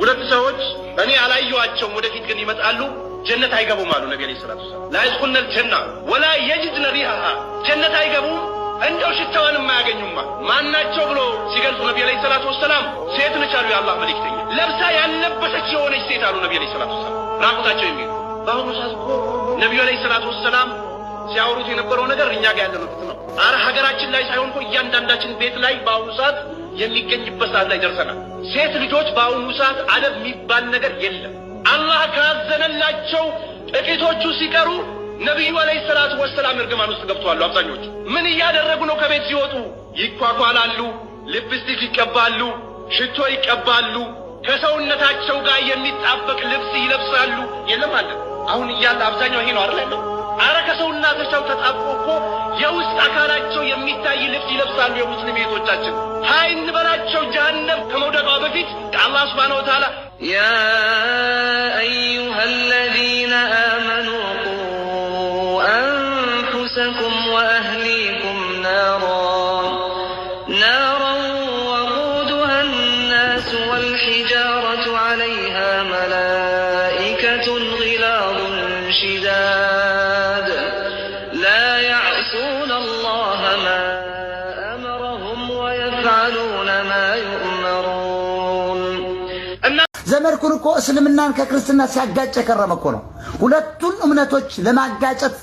ሁለት ሰዎች እኔ አላየኋቸውም፣ ወደፊት ግን ይመጣሉ፣ ጀነት አይገቡም አሉ ነቢ ዐለይሂ ሰላቱ ወሰላም። ላይስኩልነል ጀና ወላ የጅድ ሪሃሃ ጀነት አይገቡም፣ እንደው ሽታዋን የማያገኙማ ማናቸው ብሎ ሲገልጹ ነቢ ዐለይሂ ሰላቱ ወሰላም ሴት ነች አሉ የአላህ መልእክተኛ። ለብሳ ያለበሰች የሆነች ሴት አሉ ነቢ ዐለይሂ ሰላቱ ወሰላም ራቁታቸው የሚሉ በአሁኑ ሰዓት እኮ ነቢዩ ዐለይሂ ሰላቱ ወሰላም ሲያወሩት የነበረው ነገር እኛ ጋር ያለነው ነው። አረ ሀገራችን ላይ ሳይሆን እኮ እያንዳንዳችን ቤት ላይ በአሁኑ ሰዓት የሚገኝበት ሰዓት ላይ ደርሰናል። ሴት ልጆች በአሁኑ ሰዓት አደብ የሚባል ነገር የለም። አላህ ካዘነላቸው ጥቂቶቹ ሲቀሩ ነቢዩ አለይሂ ሰላቱ ወሰላም እርግማን ውስጥ ገብተዋሉ። አብዛኞቹ ምን እያደረጉ ነው? ከቤት ሲወጡ ይኳኳላሉ፣ ልብስቲክ ይቀባሉ፣ ሽቶ ይቀባሉ፣ ከሰውነታቸው ጋር የሚጣበቅ ልብስ ይለብሳሉ። የለም አለ አሁን እያለ አብዛኛው ይሄ ነው አይደል? አረ ከሰውና ከቻው ተጣብቆ እኮ የውስጥ አካላቸው የሚታይ ልብስ ይለብሳሉ የሙስሊም ቤቶቻችን። ሀይ እንበላቸው ጀሃነም ከመውደቋ በፊት ከአላህ ስብሓን ወተዓላ ያ አዩሃ መልኩን እኮ እስልምናን ከክርስትና ሲያጋጭ የከረመ እኮ ነው። ሁለቱን እምነቶች ለማጋጨት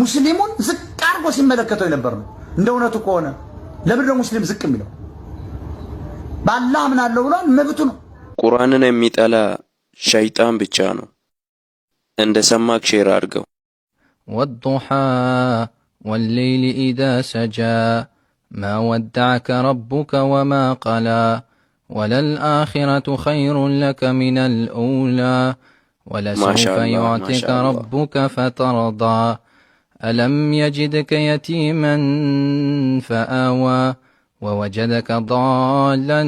ሙስሊሙን ዝቅ አድርጎ ሲመለከተው የነበር ነው። እንደ እውነቱ ከሆነ ለምንድን ነው ሙስሊም ዝቅ የሚለው? በአላህ አምናለሁ ብሏል፣ መብቱ ነው። ቁርአንን የሚጠላ ሸይጣን ብቻ ነው። እንደ ሰማክ ሼር አድርገው። ወዱሓ ወሌይሊ ኢዛ ሰጃ ማ ወዳዐከ ረቡከ ወማ ቀላ وللآخرة خير لك من الأولى ولسوف يعطيك ربك فترضى ألم يجدك يتيما فآوى ووجدك ضالا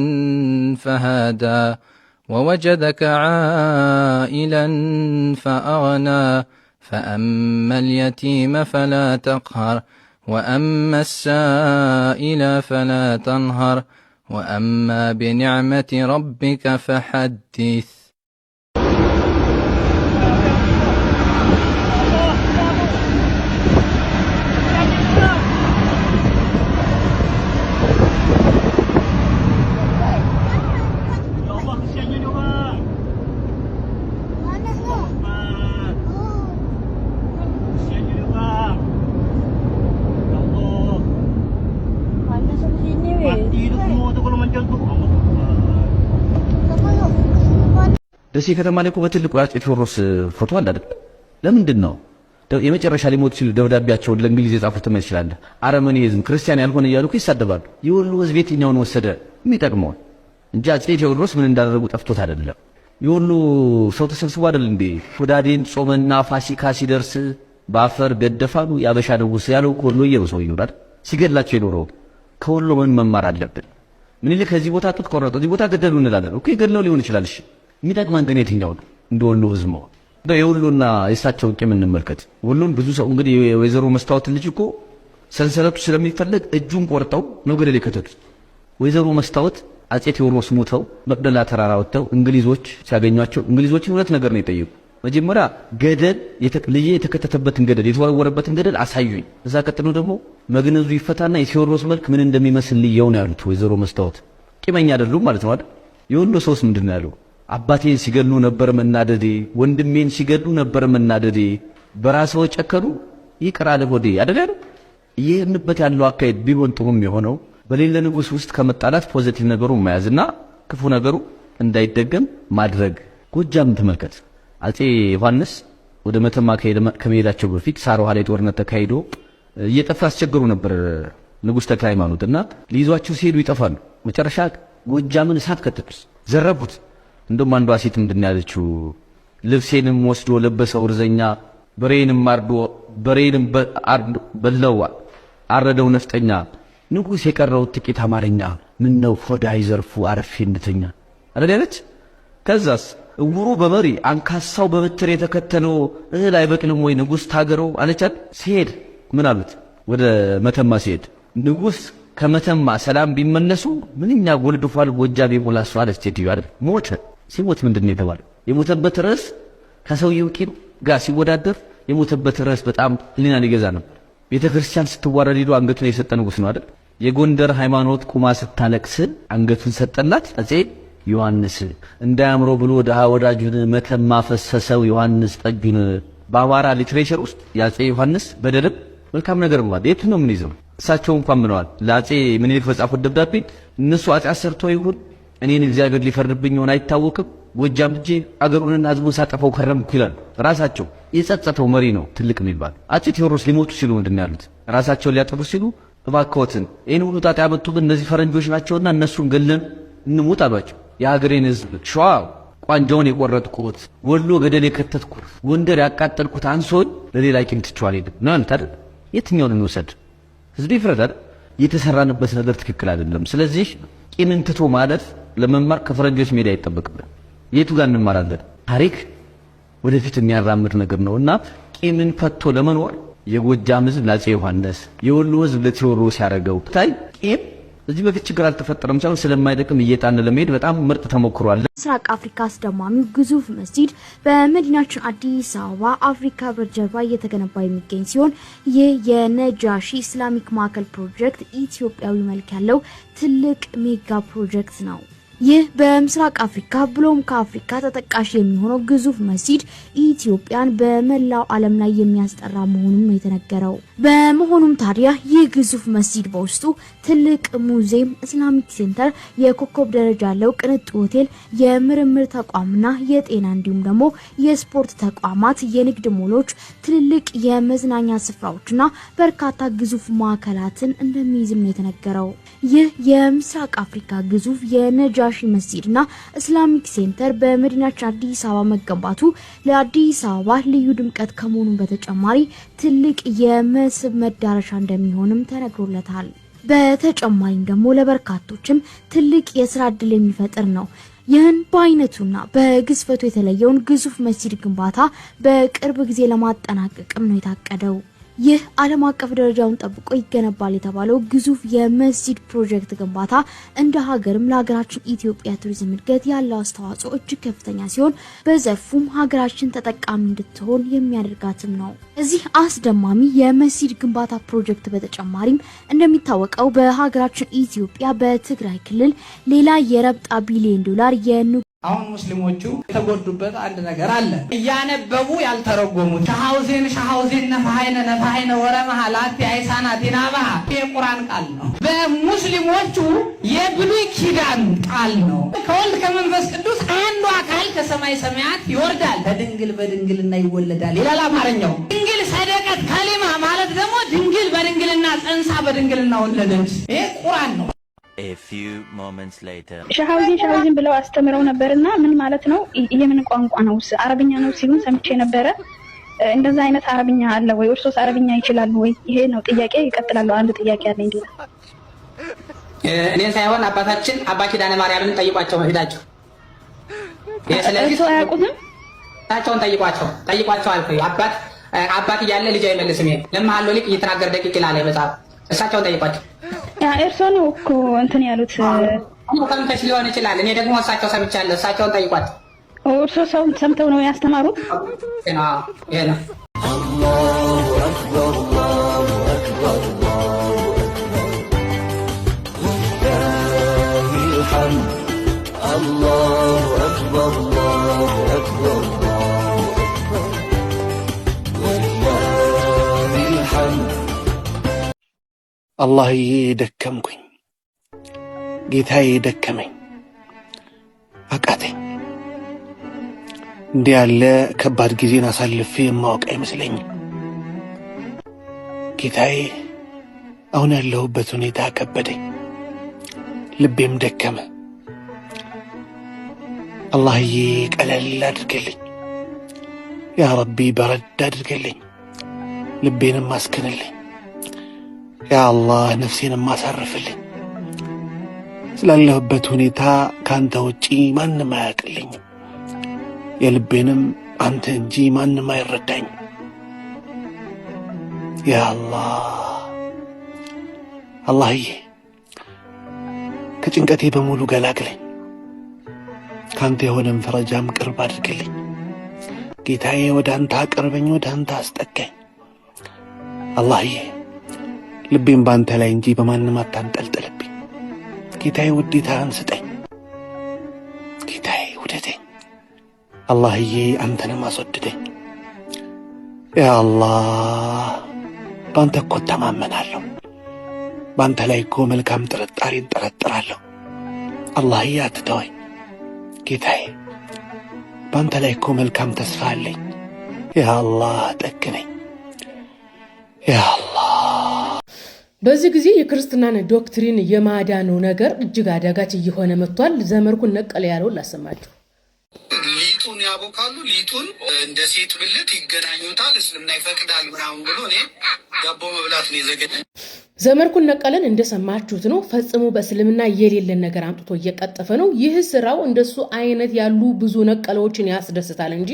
فهدى ووجدك عائلا فأغنى فأما اليتيم فلا تقهر وأما السائل فلا تنهر واما بنعمه ربك فحدث ደሴ ከተማ ላይ እኮ በትልቁ አፄ ቴዎድሮስ ፎቶ አለ አይደል? ለምንድን ነው የመጨረሻ ሊሞት ሲሉ ደብዳቤያቸውን ለእንግሊዝ የጻፉት? ትመ ይችላል አረመኔ ክርስቲያን ያልሆነ እያሉ ይሳደባሉ። የወሎ ህዝብ የትኛውን ወሰደ የሚጠቅመውን እንጂ አፄ ቴዎድሮስ ምን እንዳደረጉ ጠፍቶት አይደለም። የወሎ ሰው ተሰብስቦ አይደል እንዴ ወዳዴን ጾመና ፋሲካ ሲደርስ በአፈር ገደፋሉ ያበሻ ንጉስ ያለው ወሎ ሰው ይውላል ሲገድላቸው የኖረው ከወሎ ምን መማር አለብን? ምን ይልህ ከዚህ ቦታ ጡት ቆረጡ፣ እዚህ ቦታ ገደሉ እንላለን እኮ የገድለው ሊሆን ይችላል። እሺ የሚጠቅመን ግን የትኛው ነው? እንደ ወሎ ህዝብ መሆን የወሎና የእሳቸው ቂም እንመልከት። ወሎን ብዙ ሰው እንግዲህ የወይዘሮ መስታወት ልጅ እኮ ሰንሰለቱ ስለሚፈለግ እጁን ቆርጠው ነው ገደል የከተቱት። ወይዘሮ መስታወት አጼ ቴዎድሮስ ሙተው መቅደላ ተራራ ወጥተው እንግሊዞች ሲያገኟቸው እንግሊዞችን ሁለት ነገር ነው የጠየቁ። መጀመሪያ ገደል ልዬ የተከተተበትን ገደል የተወረወረበትን ገደል አሳዩኝ። እዛ ቀጥሎ ደግሞ መግነዙ ይፈታና የቴዎድሮስ መልክ ምን እንደሚመስል ልየው ነው ያሉት ወይዘሮ መስታወት። ቂመኛ አይደሉም ማለት ነው አይደል? የወሎ ሰውስ ምንድን ነው ያለው? አባቴን ሲገሉ ነበር መናደዴ፣ ወንድሜን ሲገሉ ነበር መናደዴ። በራስዎ ጨከኑ ይቅር አለ ሆዴ አደለ። ይህንበት ያለው አካሄድ ቢሆን ጥሩም የሆነው በሌለ ንጉሥ ውስጥ ከመጣላት ፖዘቲቭ ነገሩ መያዝና ክፉ ነገሩ እንዳይደገም ማድረግ። ጎጃም ተመልከት። አፄ ዮሐንስ ወደ መተማ ከመሄዳቸው በፊት ሳር ውሃ ላይ ጦርነት ተካሂዶ እየጠፋ አስቸግሩ ነበር ንጉሥ ተክለ ሃይማኖት እና ሊይዟቸው ሲሄዱ ይጠፋሉ። መጨረሻ ጎጃምን እሳት ከተቱት፣ ዘረቡት። እንደም አንዷ ሴት ምንድን ያለችው ልብሴንም ወስዶ ለበሰው እርዘኛ፣ በሬንም አርዶ በሬንም በላው አረደው ነፍጠኛ፣ ንጉሥ የቀረው ጥቂት አማርኛ፣ ምን ነው ሆዳ ዘርፉ አረፌ እንድተኛ አለ ያለች። ከዛስ እውሩ በመሪ አንካሳው በበትር የተከተለው እህል አይበቅልም ወይ ንጉሥ ታገሮ አለቻት። ሲሄድ ምን አሉት? ወደ መተማ ሲሄድ ንጉሥ ከመተማ ሰላም ቢመለሱ ምንኛ ጎልድፏል ጎጃ ቢሞላ ሰው አለች ሴትዮ አይደል ሞተ። ሲሞት ምንድን ነው የተባለው? የሞተበት ርዕስ ከሰውየው ቂም ጋር ሲወዳደር የሞተበት ርዕስ በጣም ህሊና ይገዛ ነበር። ቤተ ክርስቲያን ስትዋረድ ሄዶ አንገቱን የሰጠ ንጉስ ነው አይደል? የጎንደር ሃይማኖት ቁማ ስታለቅስ አንገቱን ሰጠላት አፄ ዮሐንስ። እንዳያምሮ ብሎ ድሃ ወዳጁን መተም ማፈሰሰው ዮሐንስ ጠጁን። በአማራ ሊትሬቸር ውስጥ የአፄ ዮሐንስ በደልም መልካም ነገር ብሏል። የቱ ነው ይዘው እሳቸው እንኳን ምነዋል ለአፄ ምኒልክ በጻፉት ደብዳቤ እነሱ አፄ አሰርቶ ይሁን እኔን እግዚአብሔር ሊፈርድብኝ ይሆን አይታወቅም። ጎጃም ልጄ አገሩንና ህዝቡን ሳጠፈው ከረምኩ ይላል። ራሳቸው የጸጸተው መሪ ነው ትልቅ የሚባል አፄ ቴዎድሮስ ሊሞቱ ሲሉ ምንድን ነው ያሉት? ራሳቸውን ሊያጠፉ ሲሉ እባክዎትን ይህን ሁሉ ጣጣ ያመጡብን እነዚህ ፈረንጆች ናቸውና እነሱን ገለን እንሙት አሏቸው። የሀገሬን ህዝብ ሸዋ ቋንጃውን የቆረጥኩት፣ ወሎ ገደል የከተትኩት፣ ጎንደር ያቃጠልኩት አንሶን ለሌላ ቂም ትቸዋል ሄድ ነው ያሉት አይደል? የትኛውን እንውሰድ? ህዝብ ይፍረዳል። የተሰራንበት ነገር ትክክል አይደለም። ስለዚህ ቂምን ትቶ ማለፍ ለመማር ከፈረንጆች ሜዳ አይጠበቅብን። የቱ ጋር እንማራለን? ታሪክ ወደፊት የሚያራምድ ነገር ነው እና ቂምን ፈቶ ለመኖር የጎጃም ህዝብ ለአፄ ዮሐንስ የወሎ ህዝብ ለቴዎድሮስ ያደረገው ታይ ቂም እዚህ በፊት ችግር አልተፈጠረም ቻሉ ስለማይደቅም እየጣን ለመሄድ በጣም ምርጥ ተሞክሯል። ምስራቅ አፍሪካ አስደማሚው ግዙፍ መስጂድ በመዲናችን አዲስ አበባ አፍሪካ ህብረት ጀርባ እየተገነባ የሚገኝ ሲሆን ይህ የነጃሺ ኢስላሚክ ማዕከል ፕሮጀክት ኢትዮጵያዊ መልክ ያለው ትልቅ ሜጋ ፕሮጀክት ነው። ይህ በምስራቅ አፍሪካ ብሎም ከአፍሪካ ተጠቃሽ የሚሆነው ግዙፍ መስጂድ ኢትዮጵያን በመላው ዓለም ላይ የሚያስጠራ መሆኑም ነው የተነገረው። በመሆኑም ታዲያ ይህ ግዙፍ መስጂድ በውስጡ ትልቅ ሙዚየም፣ እስላሚክ ሴንተር፣ የኮከብ ደረጃ ያለው ቅንጡ ሆቴል፣ የምርምር ተቋምና የጤና እንዲሁም ደግሞ የስፖርት ተቋማት፣ የንግድ ሞሎች፣ ትልልቅ የመዝናኛ ስፍራዎችና በርካታ ግዙፍ ማዕከላትን እንደሚይዝም ነው የተነገረው። ይህ የምስራቅ አፍሪካ ግዙፍ የነጃ አልሻሺ መስጂድና እስላሚክ ሴንተር በመዲናችን አዲስ አበባ መገንባቱ ለአዲስ አበባ ልዩ ድምቀት ከመሆኑ በተጨማሪ ትልቅ የመስህብ መዳረሻ እንደሚሆንም ተነግሮለታል። በተጨማሪም ደግሞ ለበርካቶችም ትልቅ የስራ እድል የሚፈጥር ነው። ይህን በአይነቱና በግዝፈቱ የተለየውን ግዙፍ መስጂድ ግንባታ በቅርብ ጊዜ ለማጠናቀቅም ነው የታቀደው። ይህ ዓለም አቀፍ ደረጃውን ጠብቆ ይገነባል የተባለው ግዙፍ የመስጂድ ፕሮጀክት ግንባታ እንደ ሀገርም ለሀገራችን ኢትዮጵያ ቱሪዝም እድገት ያለው አስተዋጽኦ እጅግ ከፍተኛ ሲሆን በዘርፉም ሀገራችን ተጠቃሚ እንድትሆን የሚያደርጋትም ነው። እዚህ አስደማሚ የመስጂድ ግንባታ ፕሮጀክት በተጨማሪም እንደሚታወቀው በሀገራችን ኢትዮጵያ በትግራይ ክልል ሌላ የረብጣ ቢሊዮን ዶላር አሁን ሙስሊሞቹ የተጎዱበት አንድ ነገር አለ። እያነበቡ ያልተረጎሙት ሻሐውዜን ሻሐውዜን ነፋሀይነ ነፋሀይነ ወረመሃ ላቲ አይሳና ዲናባሃ የቁራን ቃል ነው። በሙስሊሞቹ የብሉይ ኪዳን ቃል ነው። ከወልድ ከመንፈስ ቅዱስ አንዱ አካል ከሰማይ ሰማያት ይወርዳል፣ በድንግል በድንግልና ይወለዳል ይላል አማርኛው። ድንግል ሰደቀት ከሊማ ማለት ደግሞ ድንግል በድንግልና ጸንሳ በድንግልና ወለደች። ይሄ ቁራን ነው። ሻሃውዚን ሻሃውዚን ብለው አስተምረው ነበር እና ምን ማለት ነው? የምን ቋንቋ ነው? አረብኛ ነው ሲሉን ሰምቼ ነበረ። እንደዛ አይነት አረብኛ አለ ወይ? እርሶስ አረብኛ ይችላሉ ወይ? ይሄ ነው ጥያቄ። ይቀጥላሉ። አንድ ጥያቄ አለ። እንዲ እኔን ሳይሆን አባታችን አባ ኪዳነ ማርያምን ጠይቋቸው ሄዳቸው። ስለዚህ አያውቁትም። ታቸውን ጠይቋቸው፣ ጠይቋቸው አልኩኝ። አባት አባት እያለ ልጅ አይመልስም። ይሄ ለመሀል ሊቅ እየተናገር ደቂቅ ይላል መጽሐፍ። እሳቸውን ጠይቋቸው እርሶ ነው እኮ እንትን ያሉት ሰምተሽ ሊሆን ይችላል። እኔ ደግሞ እሳቸው ሰምቻለሁ። እሳቸውን ጠይቋት። እርሶ ሰው ሰምተው ነው ያስተማሩት። አላህዬ ደከምኩኝ፣ ጌታዬ ደከመኝ፣ አቃተኝ። እንዲህ ያለ ከባድ ጊዜን አሳልፌ የማወቅ አይመስለኝም። ጌታዬ አሁን ያለሁበት ሁኔታ ከበደኝ፣ ልቤም ደከመ። አላህዬ ቀለል አድርገልኝ፣ ያ ረቢ በረድ አድርገልኝ፣ ልቤንም አስክንልኝ። ያ አላህ ነፍሴን ማሳርፍልኝ። ስላለሁበት ሁኔታ ከአንተ ውጪ ማንም አያውቅልኝም የልቤንም አንተ እንጂ ማንም አይረዳኝ። ያ አላህዬ ከጭንቀቴ በሙሉ ገላግለኝ። ከአንተ የሆነም ፈረጃም ቅርብ አድርግልኝ። ጌታዬ ወደ አንተ አቅርበኝ፣ ወደ አንተ አስጠጋኝ አላህዬ ልቤን ባንተ ላይ እንጂ በማንም አታንጠልጥልብኝ። ጌታዬ ውዴታህን ስጠኝ፣ ጌታዬ ውደደኝ፣ አላህዬ አንተንም አስወድደኝ። ያ አላህ በአንተ እኮ እተማመናለሁ፣ በአንተ ላይ እኮ መልካም ጥርጣሬ እንጠረጥራለሁ። አላህዬ አትተወኝ ጌታዬ፣ በአንተ ላይ እኮ መልካም ተስፋ አለኝ። ያ አላህ ጠግነኝ ያ በዚህ ጊዜ የክርስትናን ዶክትሪን የማዳኑ ነገር እጅግ አዳጋች እየሆነ መጥቷል። ዘመርኩን ነቀለ ያለውን ላሰማችሁ። ሊጡን ያቦካሉ። ሊጡን እንደ ሴት ብልት ይገናኙታል። እስልምና ይፈቅዳል ምናምን ብሎ እኔ ዳቦ መብላት ነው የዘገ ዘመርኩን ነቀለን እንደሰማችሁት ነው። ፈጽሞ በእስልምና የሌለን ነገር አምጥቶ እየቀጠፈ ነው። ይህ ስራው እንደሱ አይነት ያሉ ብዙ ነቀለዎችን ያስደስታል እንጂ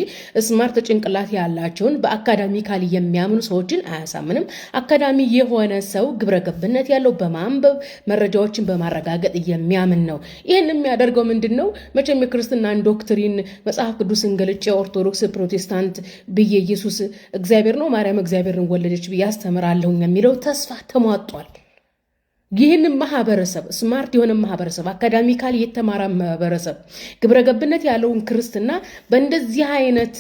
ስማርት ጭንቅላት ያላቸውን በአካዳሚካል የሚያምኑ ሰዎችን አያሳምንም። አካዳሚ የሆነ ሰው ግብረ ገብነት ያለው በማንበብ መረጃዎችን በማረጋገጥ የሚያምን ነው። ይህን የሚያደርገው ምንድን ነው? መቼም የክርስትናን ዶክትሪን መጽሐፍ ቅዱስን ገልጬ ኦርቶዶክስ ፕሮቴስታንት ብዬ ኢየሱስ እግዚአብሔር ነው ማርያም እግዚአብሔርን ወለደች ብዬ አስተምራለሁኝ የሚለው ተስፋ ተሟጧል። ይህንን ማህበረሰብ ስማርት የሆነ ማህበረሰብ አካዳሚካል የተማረ ማህበረሰብ ግብረገብነት ያለውን ክርስትና በእንደዚህ አይነት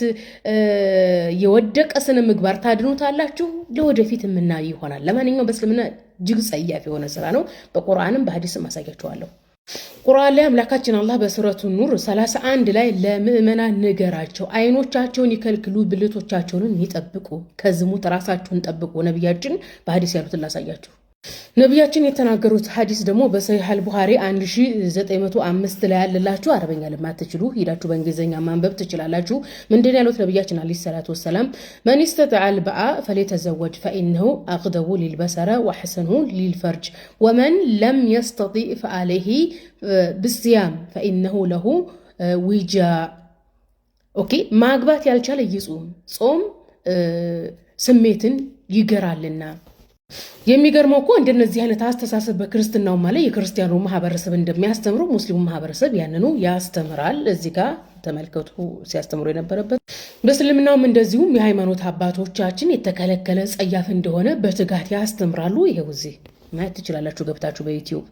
የወደቀ ስነ ምግባር ታድኑታላችሁ? ለወደፊት የምናይ ይሆናል። ለማንኛውም በእስልምና እጅግ ጸያፍ የሆነ ስራ ነው። በቁርአንም በሀዲስም አሳያችኋለሁ። ቁርአን ላይ አምላካችን አላህ በሱረቱ ኑር 31 ላይ ለምዕመናን ንገራቸው፣ አይኖቻቸውን ይከልክሉ፣ ብልቶቻቸውንም ይጠብቁ፣ ከዝሙት ራሳችሁን ጠብቁ። ነቢያችን በሀዲስ ያሉትን ላሳያችሁ። ነቢያችን የተናገሩት ሀዲስ ደግሞ በሰሂህ አል ቡኻሪ 1905 ላይ ያለላችሁ። አረበኛ ለማትችሉ ሂዳችሁ በእንግሊዝኛ ማንበብ ትችላላችሁ። ምንድን ያሉት ነቢያችን አለ ሰላት ወሰላም መን ስተጣል በአ ፈሌተዘወጅ ፈኢነሁ አቅደቡ ሊልበሰረ ወሐሰንሁ ሊልፈርጅ ወመን ለም የስተጢዕ ፈአለይሂ ብስያም ፈኢነሁ ለሁ ዊጃ። ኦኬ ማግባት ያልቻለ ይጹም፣ ጾም ስሜትን ይገራልና የሚገርመው እኮ እንደነዚህ አይነት አስተሳሰብ በክርስትናው ማለት የክርስቲያኑ ማህበረሰብ እንደሚያስተምሩ ሙስሊሙ ማህበረሰብ ያንኑ ያስተምራል። እዚህ ጋር ተመልከቱ ሲያስተምሩ የነበረበት። በእስልምናውም እንደዚሁም የሃይማኖት አባቶቻችን የተከለከለ ጸያፍ እንደሆነ በትጋት ያስተምራሉ። ይሄው እዚህ ማየት ትችላላችሁ ገብታችሁ በዩቲዩብ